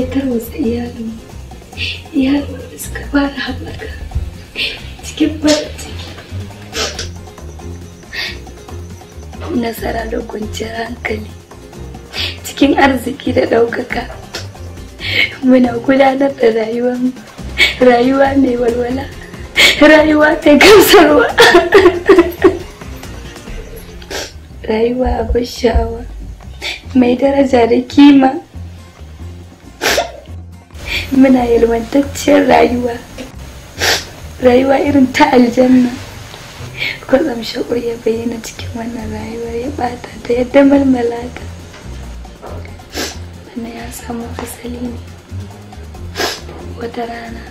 ya tarwatsa iyalin iyalin da suka fara haɓaka cikin farin ciki nasara da kwanciyar hankali cikin arziki da ɗaukaka muna gudanar da rayuwa rayuwa mai walwala rayuwa mai gamsarwa rayuwa abin sha'awa mai daraja da kima muna yalwantacciyar rayuwa rayuwa irin ta aljanna kwatsam shakur ya bayyana cikin wannan rayuwar ya bata ta yadda malmala ta wannan ya samu asali ne wata rana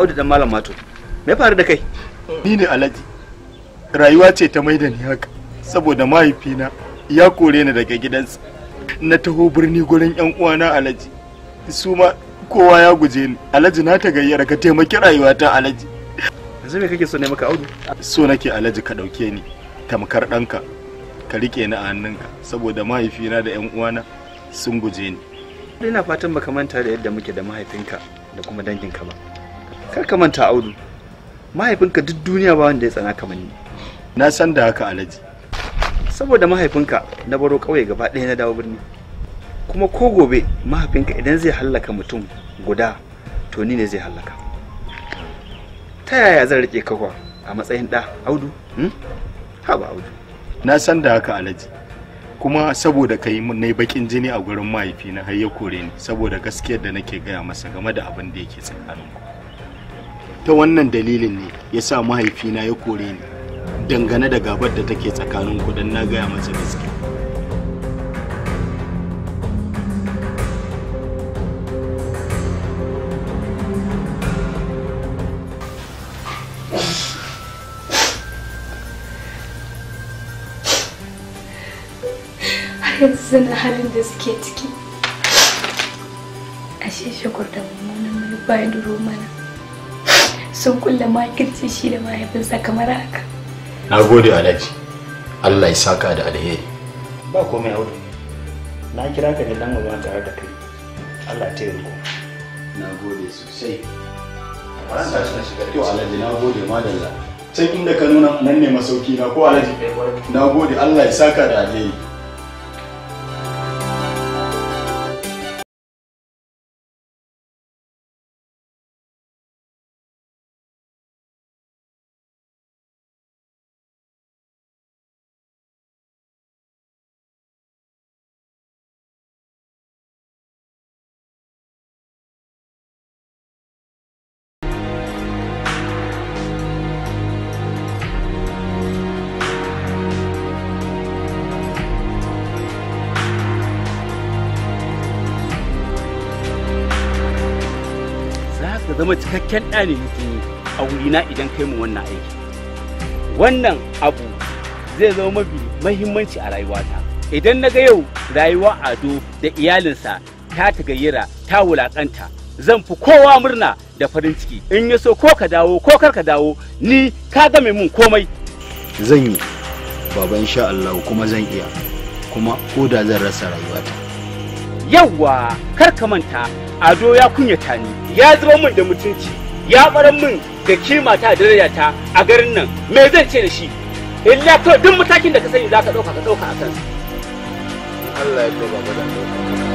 Audu dan Malam Mato. Me faru da kai? Ni ne Alhaji. Rayuwa ce ta maida ni haka saboda mahaifina ya kore ni daga gidansa. Na taho birni gurin yan uwana Alhaji. Su ma kowa ya guje ni. Alhaji na ta gayyara ka taimaki rayuwata Alhaji. Yanzu me kake so ne maka Audu? So nake Alhaji ka dauke ni tamkar ɗanka. ka rike ni a hannunka saboda mahaifina da 'yan uwana sun guje ni. Ina fatan baka manta da yadda muke da mahaifinka da kuma danginka ba. kar ka manta audu mahaifinka duk duniya ba wanda ya tsana kamar ni na san da haka Alhaji. saboda mahaifinka na baro ƙauye gaba ɗaya na dawo birni kuma ko gobe mahaifinka idan zai hallaka mutum guda to ni ne zai hallaka ta yaya zan rike kawa a matsayin ɗa audu hmm? ba audu na san da haka Alhaji kuma saboda ka yi nai bakin jini a gurin mahaifina har ya kore ni saboda gaskiyar da nake gaya masa game da abin da yake tsakaninku ta wannan dalilin ne ya sa mahaifina ya kore ni dangane da gabar da take tsakanin ku don na gaya masa gaske. yanzu sanin halin da suke ciki ashe shakur da mummunan manufa ya mana sun kulle makirci shi da mahaifinsa kamar haka na gode alhaji allah ya saka da alheri ba komai audu na kira ka ne dan gaba tare da kai allah ta yi na gode sosai shiga to alhaji na gode madalla can inda ka nuna nan ne masauki na ko alhaji na gode allah ya saka da alheri zama cikakken ɗa ne musulmi a wurina idan kai mu wannan aiki wannan abu zai zama mafi mahimmanci a rayuwata idan na ga yau rayuwa ado da iyalinsa ta tagayyara ta wulaƙanta, zan fi kowa murna da farin ciki in ya so ko ka dawo ko kar ka dawo ni ka game mun komai zan yi baba insha Allah kuma zan iya kuma ko da zan rasa rayuwata yawwa kar ka manta ado ya kunyata ni ya zuba min da mutunci ya baran min da kima ta daraja ta a garin nan me zan ce da shi illa to duk matakin da ka sani za ka ɗauka ka ɗauka a kansa Allah ya ba dan ɗauka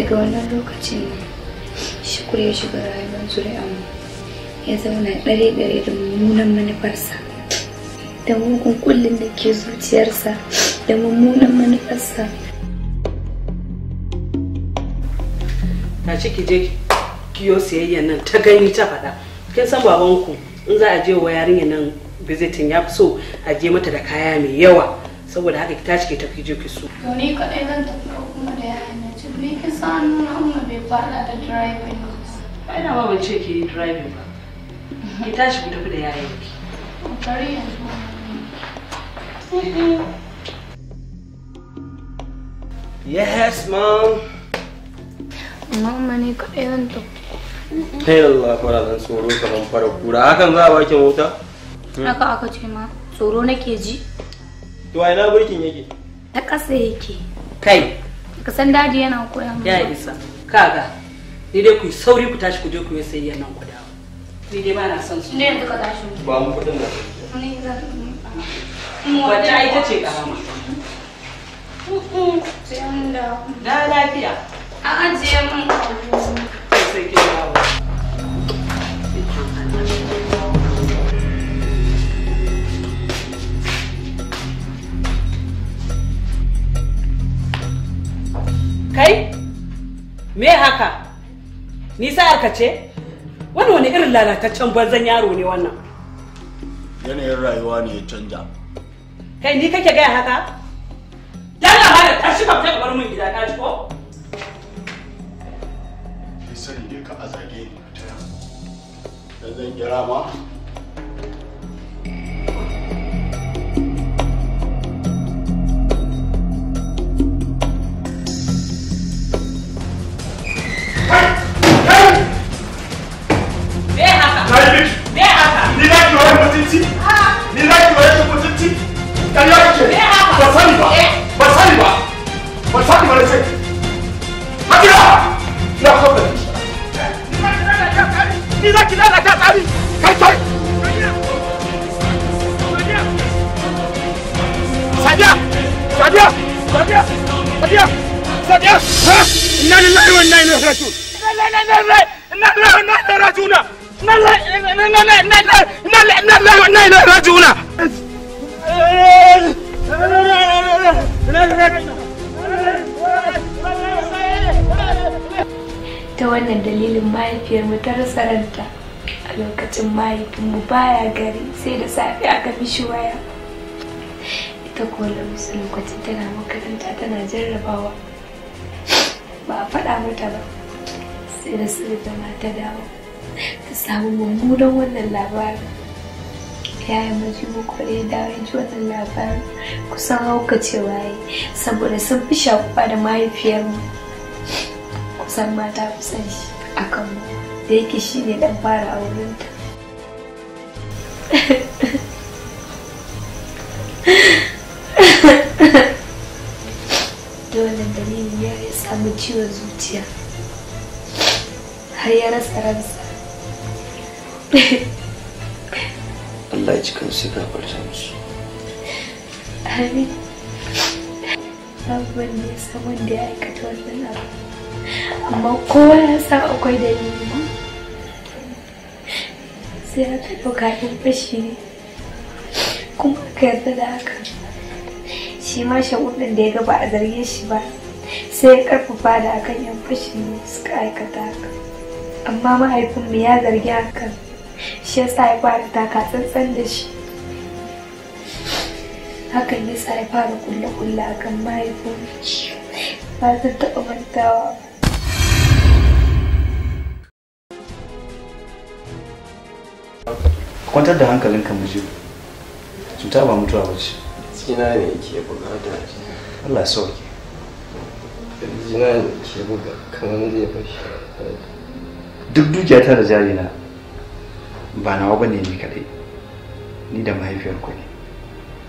daga wannan lokacin ne shukur ya shiga rayuwar zuri'anmu ya zauna ɗare-ɗare da mummunan manufarsa da mugun kullum da ke zuciyarsa da mummunan manufarsa ta ciki je kiyo siyayya nan ta gani ta faɗa kin san babanku in za a je wa yarinya nan bizitin ya fi so a je mata da kaya mai yawa saboda haka ki tashi ta tafi je ki so. Ni kaɗai zan tafi kuma da yara. Jibi ki sa nuna amma da driving. Ai na ban ce driving ba. Ki tashi ku tafi da Yes, mom. Mama ne kaɗai zan tafi. Ta yi kama fara kura. Hakan za a baki mota? Haka aka ce ma ke ji. To a ina birkin yake? yake. Kai, ka san daji yana koya mu ya isa kaga ni dai ku yi sauri ku tashi ku je ku yi sayyan nan ku dawo ni dai ba na son su ne yanzu ka tashi ba mu kudin da wata ai ta ce karama da lafiya an ajiye mun sai ki dawo Kai? Me haka? Ni sa'ar ka ce? Wani wani irin lalataccen banzan yaro ne wannan? Yanayin rayuwa ne ya canja. Kai ni kake gaya haka? Yalla ma da tashi ka fita bar min gida ka ko? Ni sani dai ka azage ni ta. Dan zan kira ma sadiya sadiya inna lillahi wa inna ta wannan dalilin mahaifiyarmu ta rasa ranta a lokacin mahaifinmu baya gari sai da safe aka mishi waya ta kola musu lokacin tana makaranta tana jarrabawa ba a faɗa mata ba sai da su da mata dawo ta samu mummunan wannan labarin yayin maji muku ya dawo ji wannan labarin kusan hauka cewa saboda sun fi shakuwa da mahaifiyarmu kusan mata kusan shi a kanmu da yake shi ne dan fara aurenta dalili ya samu ciwon zuciya har ya rasa ransa Allah ya ya san wanda ya aikata amma ya akwai aka kuma ka yarda da haka shi ma shagun ɗin da ya gaba a zarge shi ba sai ya karfafa da akan yan fashi suka aikata haka amma mahaifinmu ya zargi hakan shi ya sa ya fara taka tsantsan da shi hakan ya sa ya fara kulle-kulle akan mahaifinmu ba ta taɓa mantawa ba kwantar da hankalinka mu je cuta ba mutuwa ba ce jina ne ke bukata Allah sauke jina ne ke bukata kamar zai fashi duk dukiya ta da jari na ba nawa bane ni kadai ni da mahaifiyar ku ne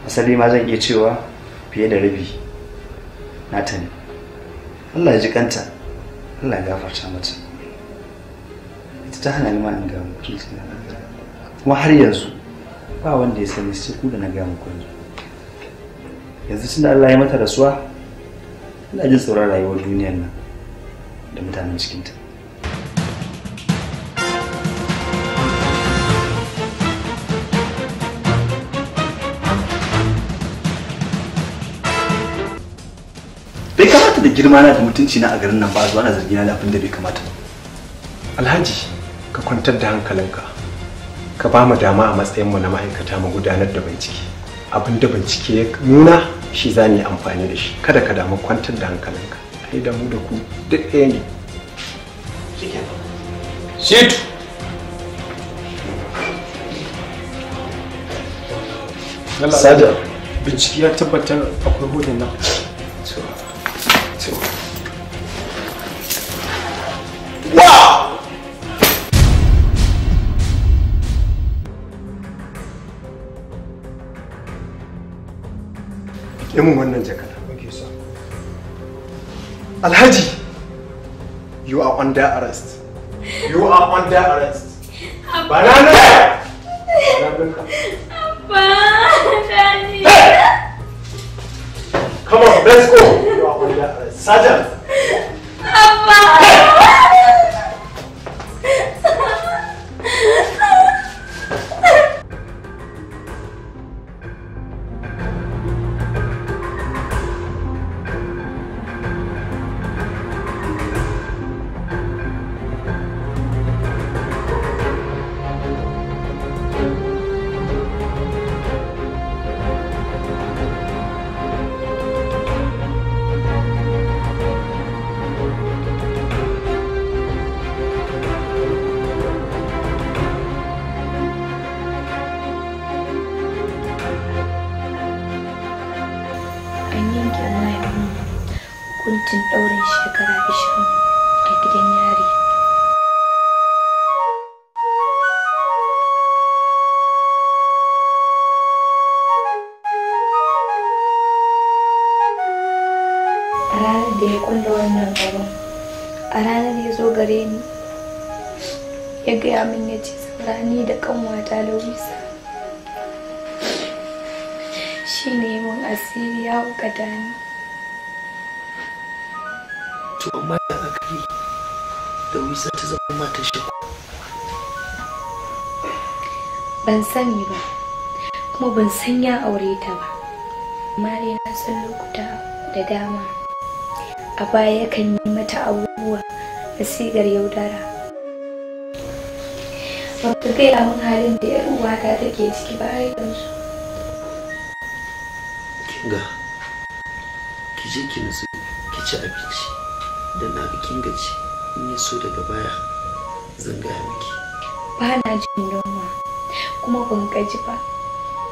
asali ma zan iya cewa fiye da rabi na ta ne Allah ya ji kanta Allah ya gafarta mata ita ta hana ni ma in ga mutum kuma har yanzu ba wanda ya sani sai ku da na ga muku yanzu yanzu tunda Allah ya mata rasuwa ina jin tsoron rayuwar duniyar nan da mutanen cikinta bai kamata da girma na da mutunci na a garin nan ba zuwa na zargi na abin da bai kamata ba alhaji ka kwantar da hankalinka ka ba mu dama a matsayinmu na ma'aikata mu gudanar da bincike abin da bincike ya nuna shi za ni amfani da shi kada ka damu kwantar da hankalinka ai da mu da ku duk ɗaya ne shitu sada bincike ya tabbatar akwai hudun nan ya mun wannan jakar alhaji you are under arrest you are under arrest ranar da ya kulla wannan abu a ranar ya zo gare ni ya gaya min ya ce tsakani da kanwata lauisa shi ne mun asiri ya da ni to amma ya aka yi lauisa ta zama mata shi ban sani ba kuma ban san ya aure ta ba amma dai na san lokuta da dama a baya yakan yi mata abubuwa da sigar yaudara ba kai gaya mun halin da yar uwata take ciki ba yanzu kinga ki je ki nutsu ki ci abinci da na bikin gaci in yi so daga baya zan gaya miki ba na jin yunwa kuma ban gaji ba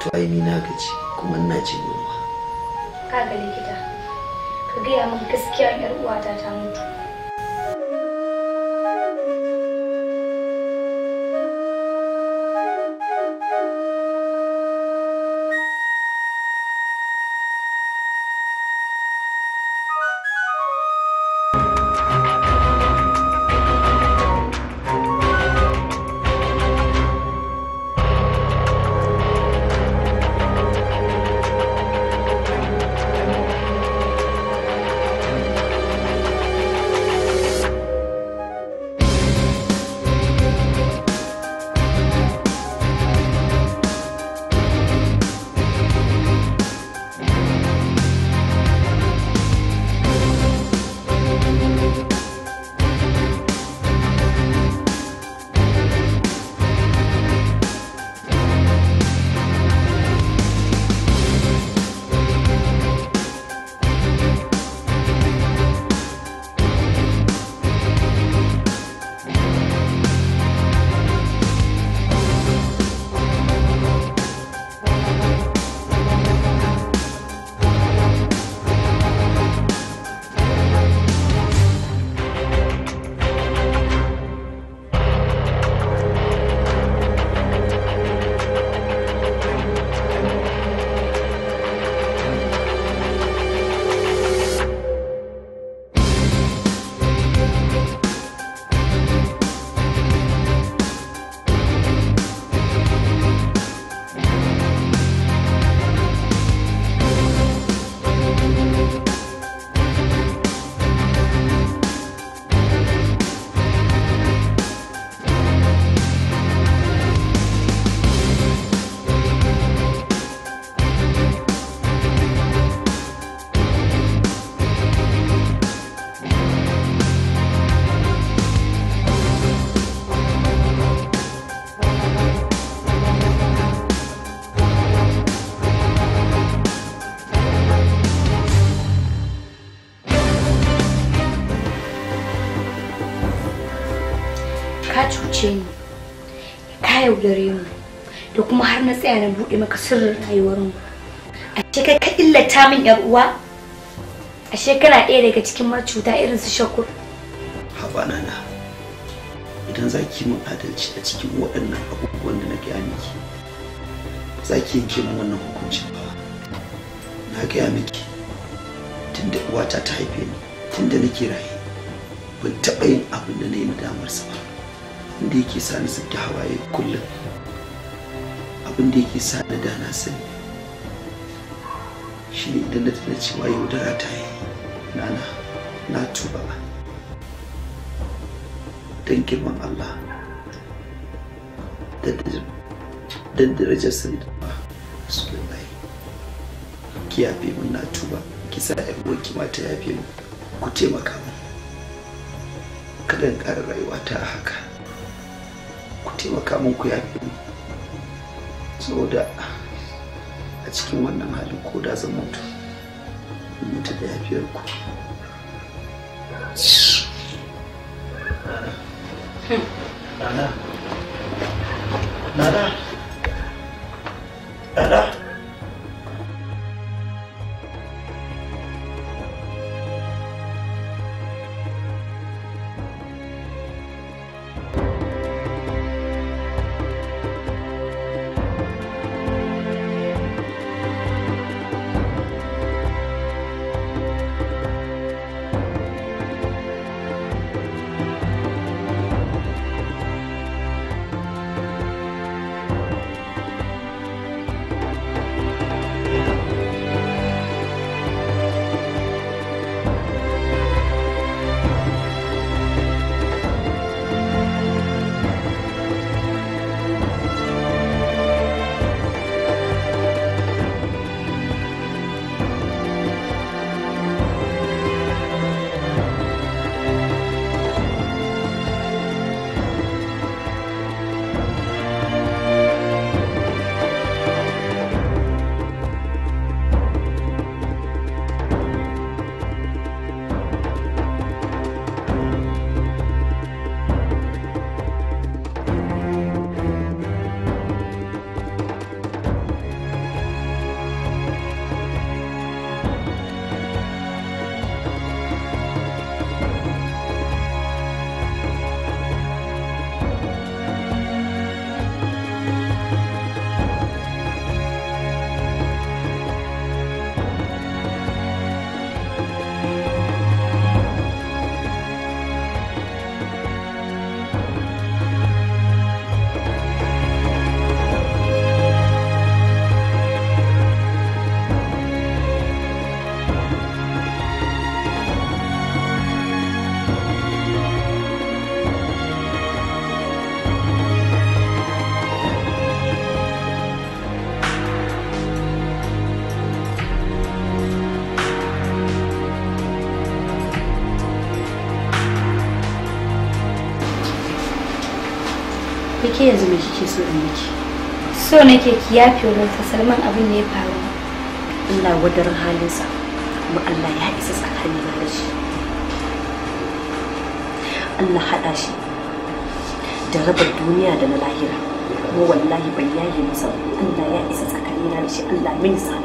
to ai ni na gaji kuma ina jin yunwa kaga likita kagaya gaya min gaskiya yar uwata ta mutu yaudare mu da kuma har na tsaya na buɗe maka sirrin rayuwar mu ashe kai ka illata min yar uwa a kana ɗaya daga cikin macuta irin su shakur haba na idan za ki min adalci a cikin waɗannan abubuwan da na gaya miki za ki yanke min wannan hukuncin ba na gaya miki tunda uwata ta haife ni tunda nake raye ban taɓa yin abin da na yi nadamarsa ba da yake sa ni da hawaye kullum abin da yake sa da dana sani shi ne idan na tana cewa yaudara ta yi nana na tuba ba don girman Allah don darajar sani da ba su ki yafe min na tuba ki sa ƴan uwanki ma ta yafe min ku taimaka min in ƙara rayuwa ta haka taimaka min ku yafe ni saboda a cikin wannan hali ko da zan mutu mutu da yafiyar ku hmm. Nada. Nada. Nada. yanzu me kike so in miki so nake ki yafe wa ta salman abin ne ya faru Allah wadarin halinsa kuma Allah ya isa tsakanin da shi Allah haɗa shi da raba duniya da na lahira kuma wallahi ban yaye masa Allah ya isa tsakanin da shi Allah min sa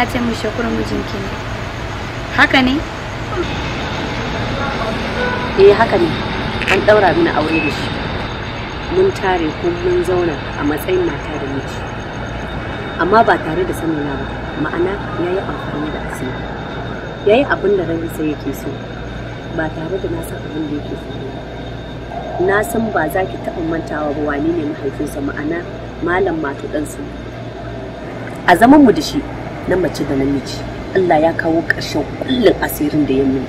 ya ce mu shakur mijinki ne haka ne eh haka ne an daura mini aure da shi mun tare ko mun zauna a matsayin mata da miji amma ba tare da sanin ba ma'ana ya yi amfani da asiri ya yi abin da sai yake so ba tare da na san abin da yake so na san ba za ki taɓa mantawa ba wani ne mahaifinsa ma'ana malam matu ɗansu a zaman mu da shi na mace da namiji Allah ya kawo ƙarshen kullum asirin da ya mini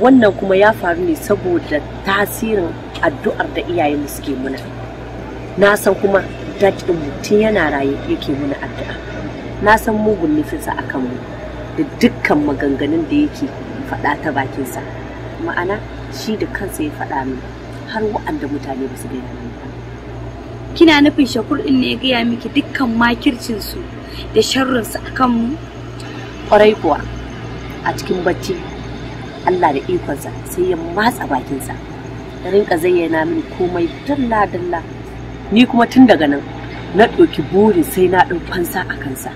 wannan kuma ya faru ne saboda tasirin addu'ar da iyayenmu suke muna na san kuma daɗin mutum yana raye yake muna addu'a na san mugun nufinsa a kanmu da dukkan maganganun da yake faɗa ta bakinsa ma'ana shi da kansa ya faɗa min har wa'anda mutane ba su daina kina nufin shakur din ne ya gaya miki dukkan makircin su da sharrin su akan kwarai kuwa a cikin bacci Allah da ikonsa sai ya matsa bakinsa da rinka zayyana mini komai dalla dalla ni kuma tun daga nan na ɗauki burin sai na ɗau fansa a kansa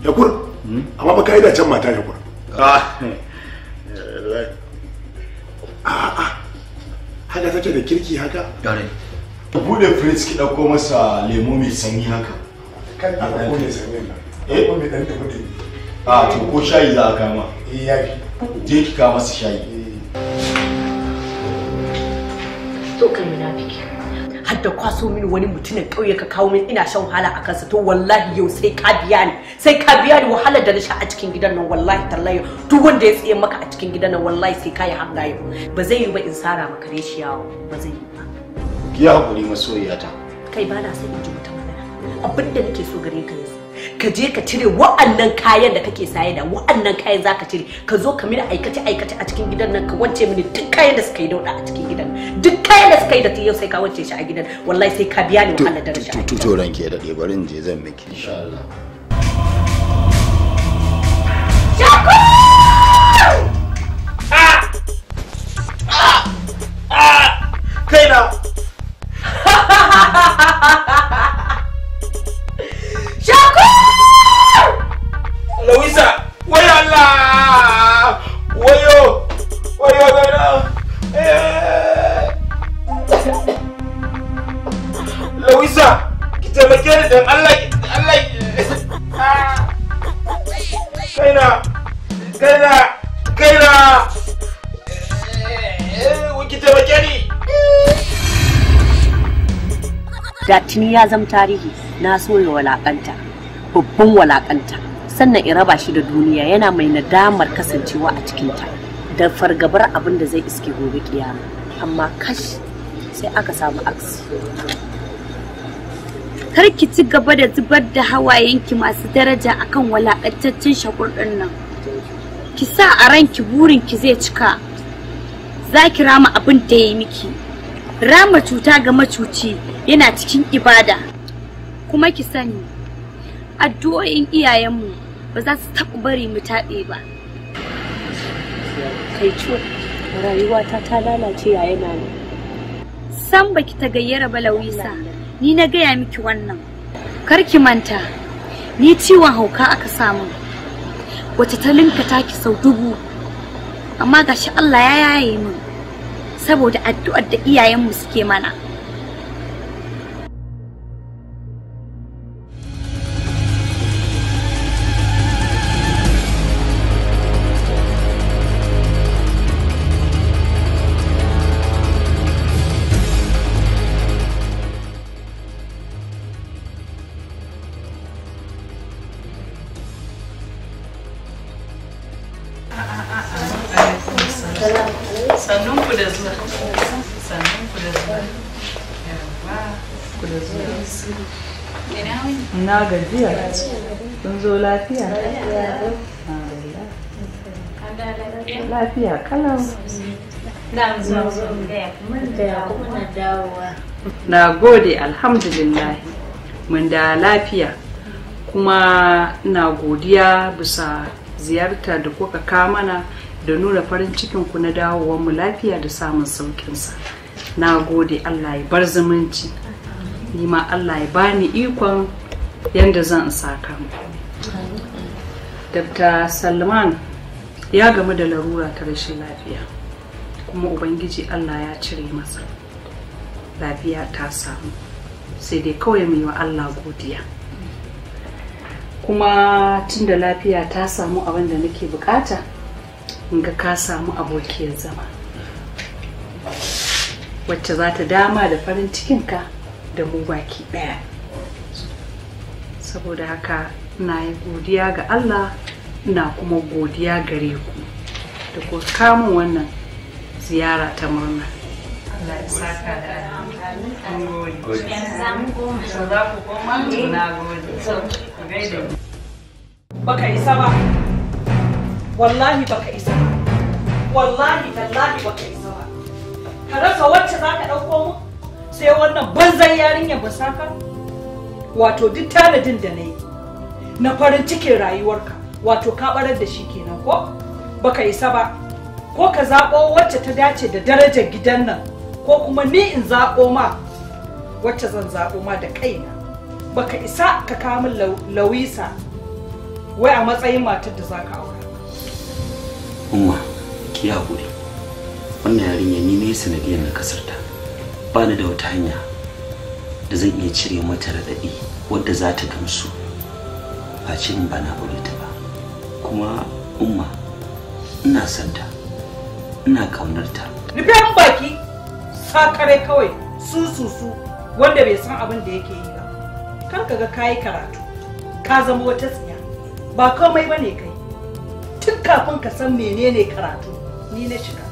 yakur amma ba ka'ida can mata yakur ah, a'a haka ce da kirki haka bude fritz ki dauko masa lemo mai sanyi haka kai ka dauko mai sanyi eh ko mai dan tafi da a to ko shayi za a ma eh ya je ki kama masa shayi eh. to kai biki har da kwaso mini wani mutumin kauye ka kawo min ina shan wahala a kansa to wallahi yau sai ka biya ni sai ka biya ni wahalar da na sha a cikin gidan nan wallahi tallahi duk wanda ya tsaye maka a cikin gidan nan wallahi sai ka yi hangaye yau ba zai yi ba in sara maka reshiyawa ba zai yi ba ki hakuri masoyiyata kai ba na son in ji mata magana abin da nake so gare ka yanzu ka je ka cire wa'annan kayan da kake saye da wa'annan kayan za ka cire ka zo ka mini aikace aikace a cikin gidan nan ka wance mini duk kayan da suka yi dauda a cikin gidan duk kayan da suka yi da ta yau sai ka wance shi a gidan wallahi sai ka biya ni wahalar da rashin to to ranke da bari in je zan miki insha Allah Shakur! tuni ya zama tarihi na so ya walakanta babban walakanta sannan in raba shi da duniya yana mai nadamar kasancewa a cikinta da fargabar abin da zai iske gobe kiyama amma kash sai aka samu aksi kar ki ci gaba da zubar da hawayenki masu daraja akan walakantaccen shakur nan ki sa a ranki ki zai cika za ki rama abin da ya yi miki rama cuta ga macuci yana cikin ibada kuma ki sani addu'o'in iyayenmu ba za su taɓa bari mu taɓe ba kai rayuwata ta lalace yayin ne san baki ta gayyara ba lawisa ni na gaya miki wannan Kar ki manta ni ciwon hauka aka samu wace ta linka taki sau dubu amma gashi Allah ya yaye min saboda addu'ar da iyayenmu suke mana lafiya lafiya kalau na gode alhamdulillah mun da lafiya kuma na godiya bisa ziyarta da kuka kamana da nuna farin cikinku na mu lafiya da samun saukinsa na gode allah ya bar zumunci nima allah ya bani ikon yadda zan saka muku dr salman ya gamu da larura ta rashin lafiya kuma ubangiji allah ya cire masa lafiya ta samu sai dai kawai mai wa allah godiya kuma tunda lafiya ta samu abin da nake bukata ga ka samu abokiyar zama wacce za ta dama da farin cikinka da mu baki daya saboda haka na yi godiya ga Allah na kuma godiya gare ku da ku kamun wannan ziyara ta murna Allah ya saka da eh. baka isa ba wallahi baka isa ba wallahi tallahi baka isa ba ka rasa wacce za ka ɗauko mu sai wannan banzan yarinyar basaka wato duk tanadin da na yi na farin cikin rayuwarka wato ka barar da shi kenan ko baka isa ba ko ka zaɓo wacce ta dace da darajar gidan nan ko kuma ni in zaɓo ma wacce zan zaɓo ma da kaina baka isa ka kama lawisa wai a matsayin matar da za ka aura umma ki haƙuri wannan yarinya ni ne sanadiyar na kasarta ba ni da wata hanya da zan iya cire mata raɗaɗi wadda za ta gamsu face in ba na aure ta ba kuma umma ina son ina kaunar ta rufe mun baki sakare kawai su su su wanda bai san abin da yake yi ba kar ka ga kayi karatu ka zama wata tsiya ba komai bane kai tun kafin ka san menene karatu ni na shiga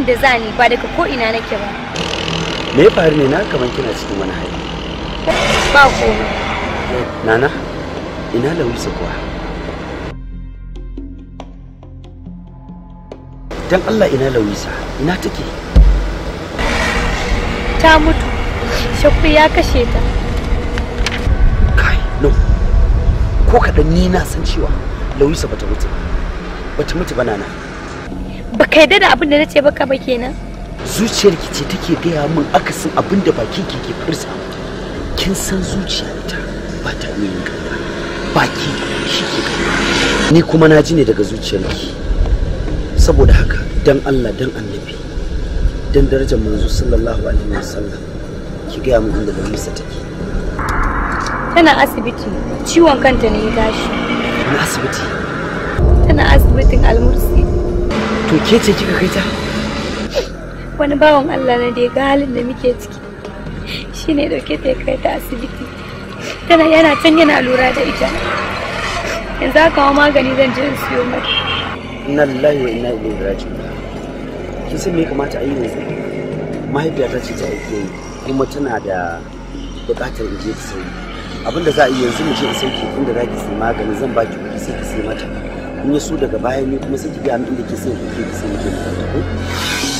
inda za ni ba daga ko ina nake ba me ya faru ne na kaman kina cikin wani hali ba ko. nana ina lawisa kuwa dan Allah ina lawisa ina take ta mutu shakku ya kashe ta kai no ko kaɗan ni na san cewa lawisa bata mutu bata mutu ba nana ba ka yadda da abin da na ce baka ba kenan ki ce take gaya min akasin abin da baki ke ke fursa kin san zuciya ta ba ta iya yin gaba baki shi ke ni kuma na ji ne daga zuciyar ki saboda haka dan Allah dan annabi dan darajar manzo sallallahu alaihi wasallam ki gaya min inda musa take tana asibiti ciwon kanta ne ya tashi asibiti tana asibitin almursi to ke ce kika kai ta wani bawan Allah na da ga halin da muke ciki shine dauke ta kai ta asibiti tana yana can yana lura da ita yanzu aka hawa magani zan je siyo mai inna lillahi wa inna ilaihi raji'un ki san me kamata a yi yanzu mahaifiyata ce ta aike ni kuma tana da bukatar in je ta sauri abinda za a yi yanzu mu je in sauke inda za ki sai magani zan ki kuɗi sai ki sai mata kuma ya daga baya ne kuma sai ki ga inda ke sai ki ke sai ki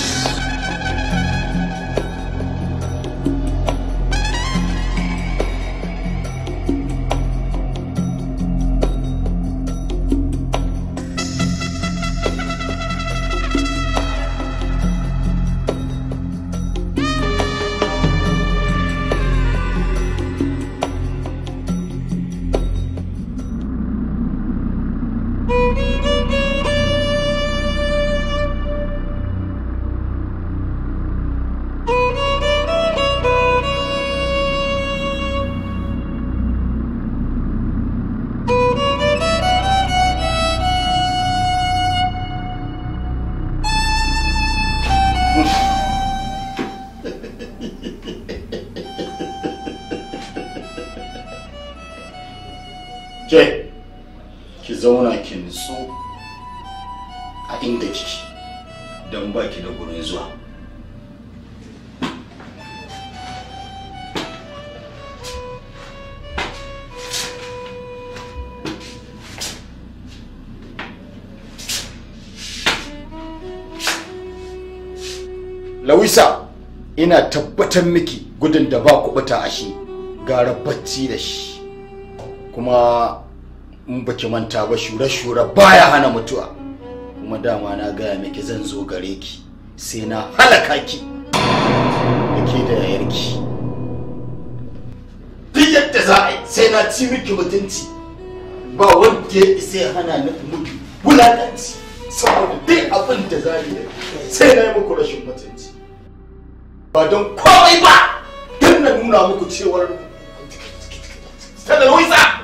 ina tabbatar miki gudun da ba kubuta a shi gara bacci da shi kuma in baki manta ba shura-shura baya hana mutuwa kuma dama na gaya miki zan zo gare ki sai na halaka ki da ke da yayarki duk yadda za a sai na ci miki mutunci ba wanda ya isa ya hana ni mutu wulaƙanci saboda duk abin da za yi sai na yi muku rashin mutunci ba don komai ba don nan nuna muku cewar ta da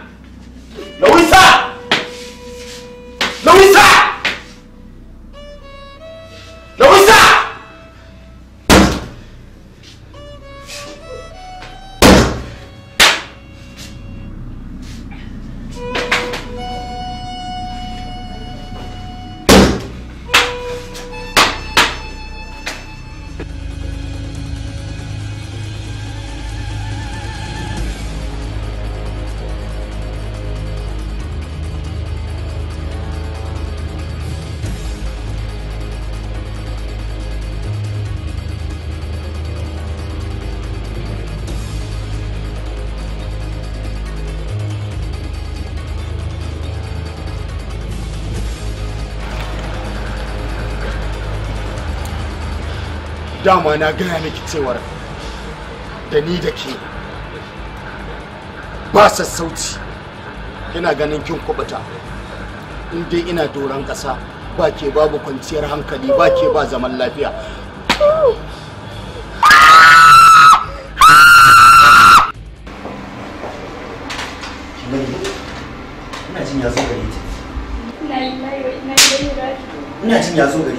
dama na gaya miki cewar da ni da ke ba sassauci ina ganin kin kubuta in dai ina doron ƙasa ba ke babu kwanciyar hankali ba ke ba zaman lafiya ina jin ya zo gare ta ina jin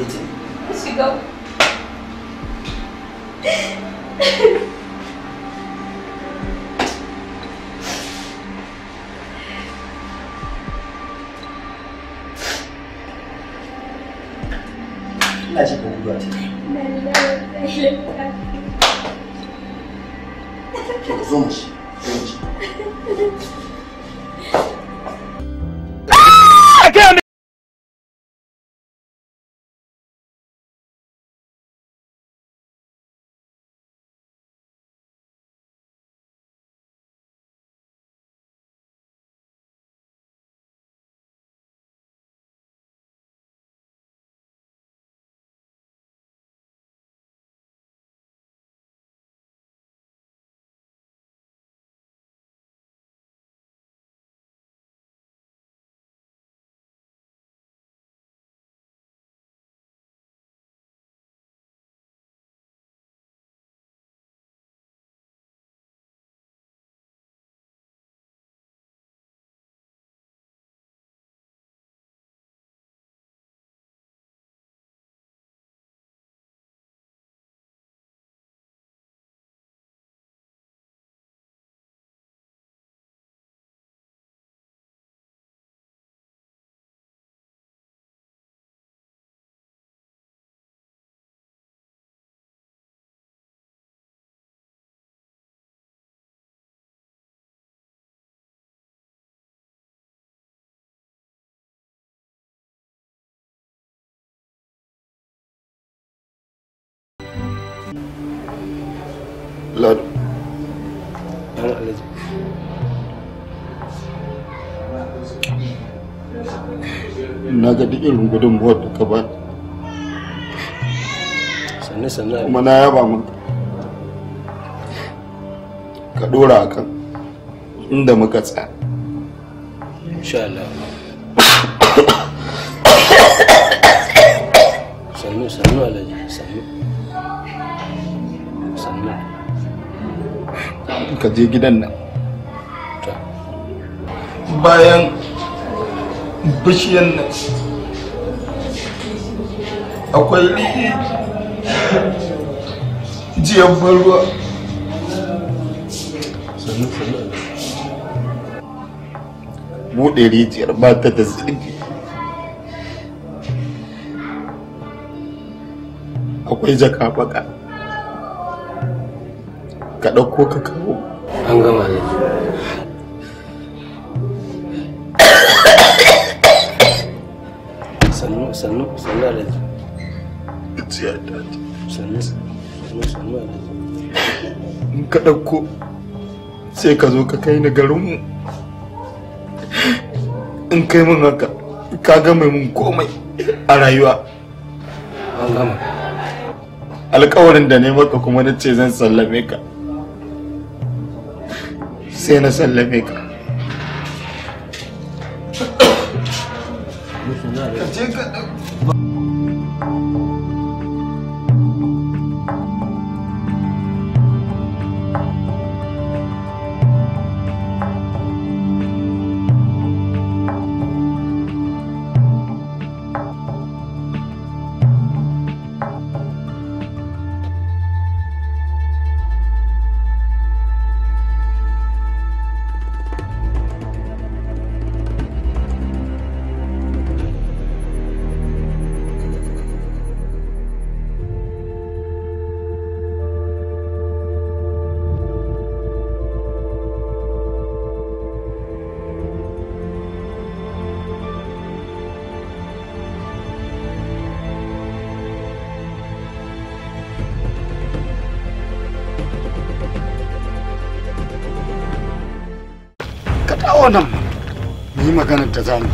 lado na ga duk irin gudunmuwar da ka ba sannu sannu kuma na yaba mun ka dora kan inda muka tsaya insha Allah sannu sannu sannu sannu ka je gidan nan bayan bishiyan nan akwai jiyar ruwa buɗe rijiyar ba ta da zirgi akwai jaka baka ka ɗauko ka kawo an gama ne sannu sannu sannu alhaji sannu sannu sannu alhaji in ka ɗauko sai ka zo ka kai ni garinmu in kai min haka ka gama min komai a rayuwa an gama alkawarin da ne maka kuma na ce zan sallame ka sai na sallame ka ka ka maganar da zamu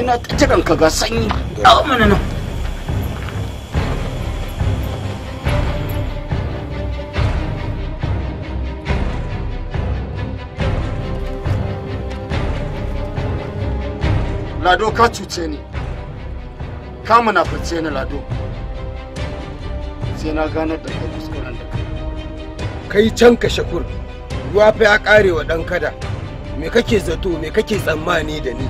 ina ta jiran ka ga sanyi dawo mana nan Lado ka cuce ni ka munafurce ni Lado sai na ganar da kai kuskuren da kai kai can ka shakur ruwa fa ya kare wa dan kada me kake zato me kake tsammani da ni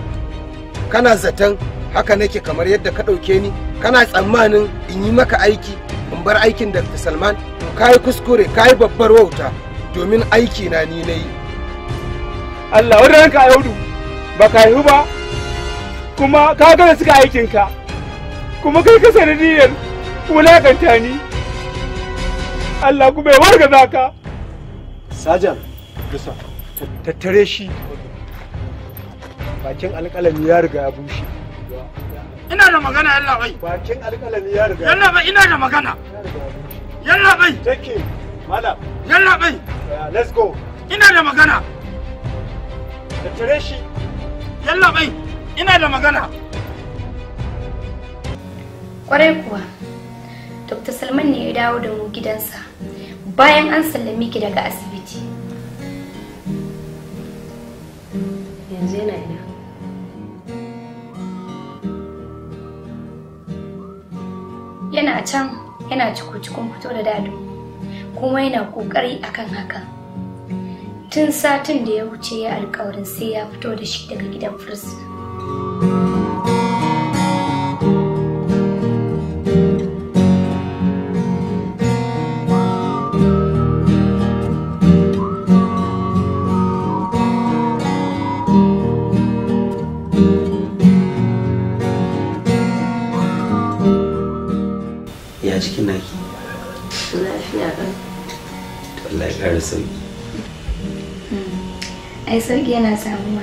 kana zaton haka nake kamar yadda ka ɗauke ni kana tsammanin in yi maka aiki in bar aikin da salman to kayi kuskure kayi babbar wauta domin aiki na ni nayi yi allah wani ranka hudu ba ka yi ba kuma ka gana suka aikinka kuma kai ka sanadiyar wulakanta ni allah kuma ya warga zaka sajan bisa tattare shi bakin alƙalami ya riga ya bushe ina da magana yalla bai bakin alƙalami ya riga yalla bai ina da magana yalla bai take mala yalla bai let's go ina da magana tattare shi yalla bai ina da magana kwarai kuwa dr salman ne ya dawo da mu gidansa bayan an sallame ki daga asibiti yanzu yana ina yana can yana cikin fito da dadu kuma yana kokari akan hakan tun satin da ya wuce ya alkawarin sai ya fito da shi daga gidan fursuna duk yana samuwa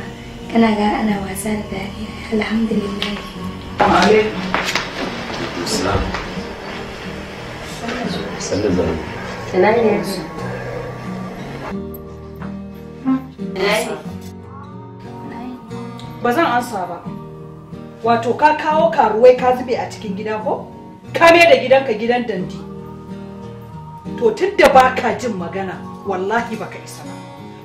kana ga ana wasa da dariya alhamdulillah ba zan ansa ba wato ka kawo karuwai ka zube a cikin gida ko ka da gidanka gidan dandi to tun da ba ka jin magana wallahi baka isa ba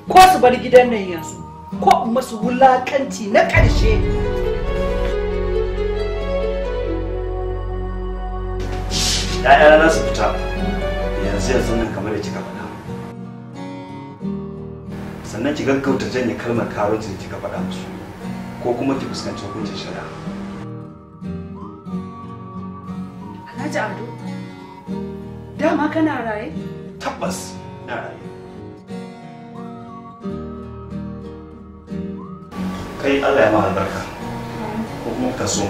ko su bar gidan nan yanzu ko in masu wulakanci na ƙarshe ‘ya'yana na su fita yanzu yanzu nan kamar da kika faɗa sannan ki gaggauta janye kalmar karuwanci da kika faɗa musu ko kuma ki fuskanci hukuncin shari'a Alhaji Ado, dama kana raye? Tabbas, na raye. kai Allah ya ma albarka ko kuma ka so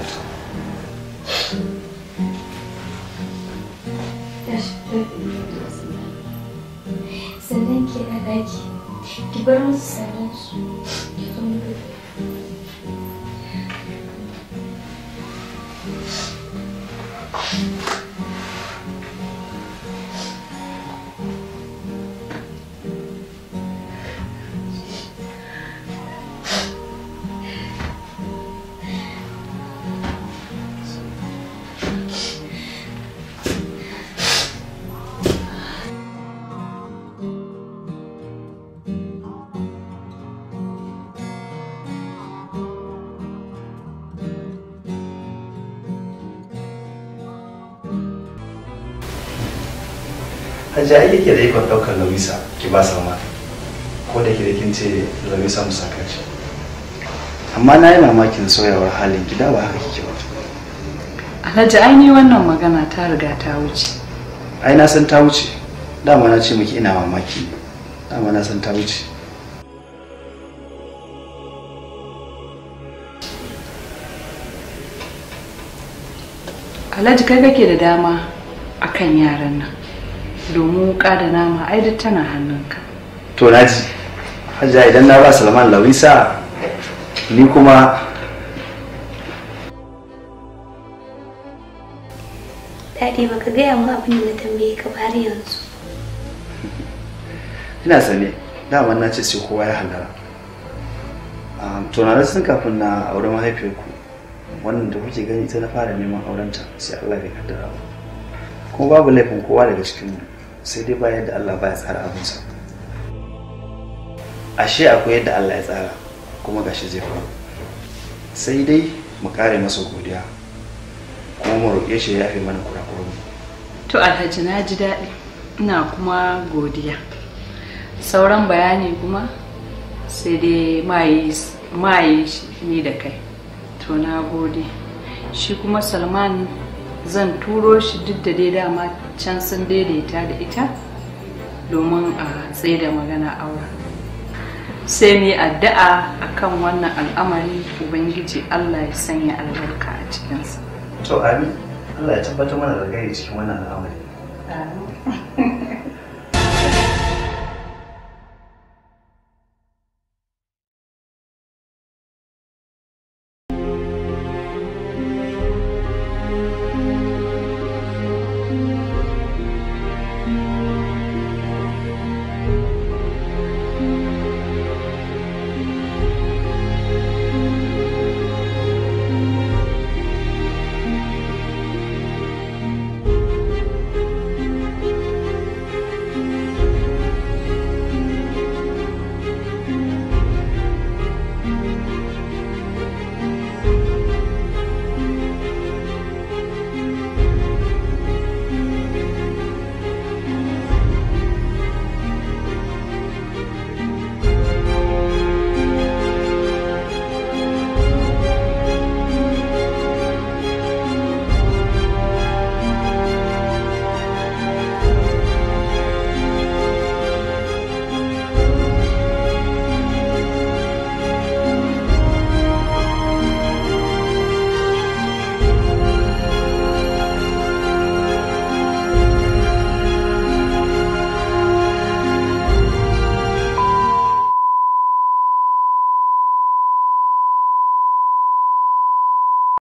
sannan ke na daki ki bar musu sannan su Thank you. ta ja yake da ikon ɗaukar lamisa ki ba sa mata ko da ke da kin ce lamisa musa kaci amma na yi mamakin sauyawar halin gida ba haka kike ba alhaji ai ni wannan magana ta riga ta wuce ai na san ta wuce dama na ce miki ina mamaki dama na san ta wuce alhaji kai kake da dama akan yaran nan domin wuka da nama ai duk tana hannunka to na ji hajja idan na ba salman lawisa ni kuma daɗi maka gaya ma abin da na tambaye ka bari yanzu ina sane dama na ce sai kowa ya halara to na sun kafin na aure mahaifiyarku wannan da kuke gani ta na fara neman aurenta sai Allah ya kaddara kuma babu laifin kowa daga cikin sai dai ba yadda Allah ba ya tsara abinsa ashe akwai yadda Allah ya tsara kuma gashi zai faru sai dai mu kare masa godiya kuma mu roƙe shi ya fi mana kurakuru to alhaji na ji daɗi ina kuma godiya sauran bayani kuma sai dai ma yi shi ni da kai to na gode shi kuma salman zan turo shi duk da dai dama can sun daidaita da ita domin a tsaye da magana aure sai mai addu'a a kan wannan al'amari ubangiji allah ya sanya albarka a cikinsa to amin allah ya tabbatar mana da gari cikin wannan al'amari